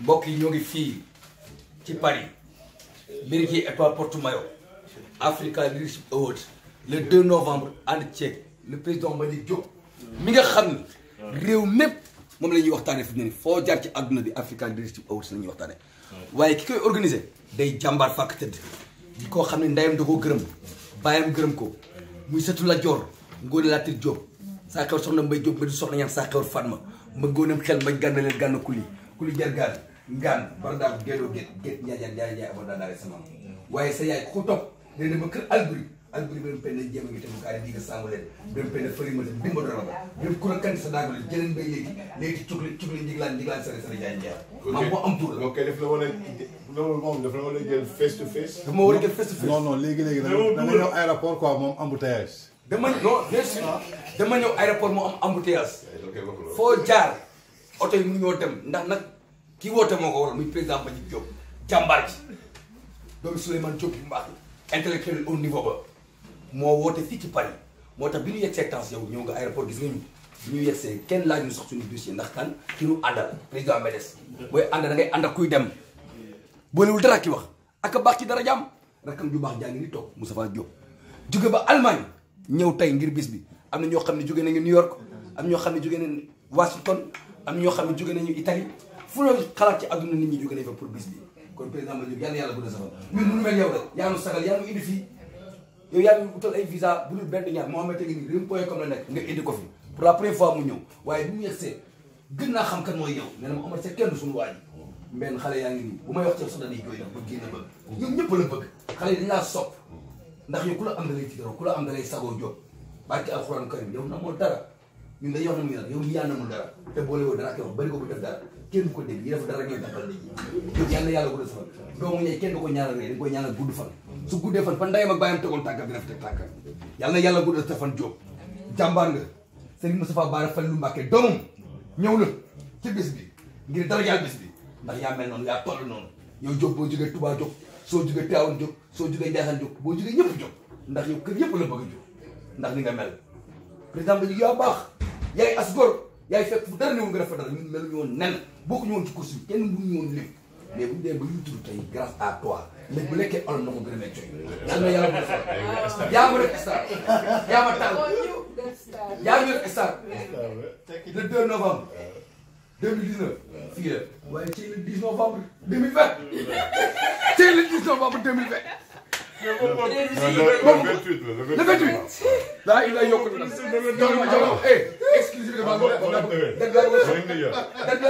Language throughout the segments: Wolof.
mbokk yi ñoo ngi fii ci Paris Bergerie pas Porte Mayo. Africa Leadership Award le 2 novembre ànd ceeg le président Malick Diop mi nga xam ni réew mépp moom la ñuy fi mu ne jaar ci aduna bi Africa Leadership Awards lañuy waxtane. Waye waaye ki koy organiser day jambar fak teud. di koo xam ne ndeyam da koo gërëm bàyyam gërëm ko muy setu la jor ngol la tir Diop sa xew soxna mbay Diop ma di soxna ñaan sa xew Fatma ma gonam xel mañ gànna leen gànna kuli kuli jar gaan ngaan baradaam geeloo géet géet njaajaan njaay njaay abor daanaare sama waaye sa yaay ku topp dana ba kër alburi alburi ben penn jéema ngi te mu kaari diga saamu leen ben penn fëri ma dimba dora ba ben kura kandi sa daagale jëleen bay léegi léegi cukli cukli njiglaan njiglaan sare sare njaay njaay maam moo am tuur la ok daf la war a loolu moom daf la war a jël face to face daf ma war a jël face to face non non léegi léegi da nga ñëw aéroport quoi moom embouteillage dama non bien sûr dama ñëw aéroport moo am embouteillage foo jaar oto yi mënuñoo dem ndax nag ki woote moo ko waral muy président Mbagnick Diop jàmbaar ji doomu Souleymane Diop yu mbaax intellectuel au niveau ba moo woote fii ci Paris moo tax bi ñu yegsee temps yow ñëw nga aéroport gis nga ñu bi ñu kenn laaj ñu sax suñu dossier ndax kan ki ñu àndal président MEDES booy ànd da ngay ànd ak kuy dem boolewul dara ki wax ak a baax ci dara jàmm rakam ju baax jaa ngi ni toog Moustapha Diop jóge ba Allemagne ñëw tey ngir bis bi am na ñoo xam ne jóge nañu New York am ñoo xam ne jóge nañu Washington am ñoo xam ne jóge nañu Italie fu la xalaat ci àdduna nit ñi jóge nañ fa pour bis bi kon président ma jóg yàlla yàlla bu da safal ñun mënu mel moo xamante ni réew point comme la nekk nga indi ko fi pour la première na ma Omar Seck kenn la bëgg xale yi dañ laa sopp ndax yow ku la am da lay tiitaroo ku la am da lay sagoo jóg barke alxuraan karim yow na moo dara ñun dañoo xam ne nag yow yaa namul dara te boole woo dara ak yow bëri ko bu def dara kenn ko dégg yi def dara rek lay dàqal yow yal na yàlla gudd fan doomu ñay kenn du ko ñaanal ngay dañ koy ñaanal gudd fan su guddee fan fa ndeyam ak bàyyam tegoon tànka bi def teg tànka yal na yàlla gudd fan jóob jàmbaar nga Serigne Moustapha Bara Falilou Mbacké doomam ñëw la ci bis bi ngir dara yaa bis bi ndax yaa mel noonu yaa toll noonu yow jóg boo jógee Touba jóg soo jógee Tivaouane jóg soo jógee Ndiassane jóg boo jógee ñëpp jóg ndax yow kër yëpp la bëgg a jóg ndax li nga mel président ba jig yaa baax yaay as gor yaay fekk fu dara néew nga rafetal ñun meluñu woon nen bokkuñu woon ci course bi kenn mënuñu woon lépp mais bu ñu dee ba ñu tudd tey grâce à toi mais bu lekkee olof na ko gën a nekk coy yal na yàlla bu defal yaa ma def star yaa ma tàll yaa ma def star le 2 novembre 2019 fii la waaye ci le 10 novembre 2020 ci le 10 novembre 2020 le 28 la il a yokk na exclusivité ba date laa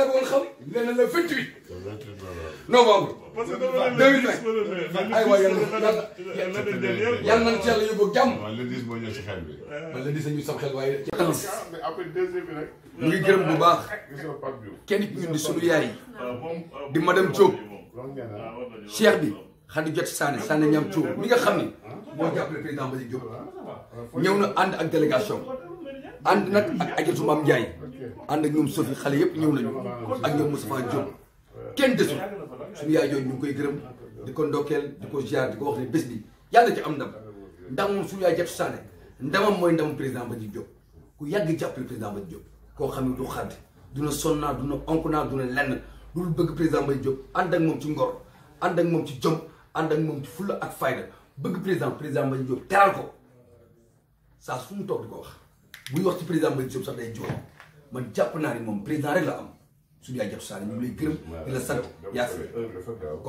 bëggoon xam nee na le 28 novembre 2020 ay waay yàlla na ci yàlla yóbbu jàmm le 10 moo ñëw ci xel bi man le 10 la ñu sam xel waaye mu ngi gërëm bu baax kenn ci ñun di sunu yaay yi ah, ah, di madame Diop ah, cheikh bi Khady Diop Sané Sané ñam Diop mi nga xam ni moo jàppale président Bassirou Diop ñëw na ànd ak délégation ànd nag ak ajatu maam Ndiaye ànd ak ñoom xale yëpp ñëw nañu ak ñoom Moustapha Diop kenn desul suñu yaay jooju ñu ngi koy gërëm di ko ndokkeel di ko ziar di ko wax ne bés bi yàlla ci am ndam ndax moom suñu yaay jatu saane ndamam mooy ndamu président ba ji Diop ku yàgg jàppale président ba ji Diop koo xam ne du xadd du na sonnaa du na onk naa du na lenn lu bëgg président ba ji Diop ànd ak moom ci ngor ànd ak moom ci jom ànd ak moom ci fulla ak fayda bëgg président président ba ji Diop ko saa suñu toog ko wax buy wax ci président Mbaye Diop sax day jooy man jàpp naa ni moom président rek la am suñu yaay jot saa ñu ngi lay gërëm la sant yaa fi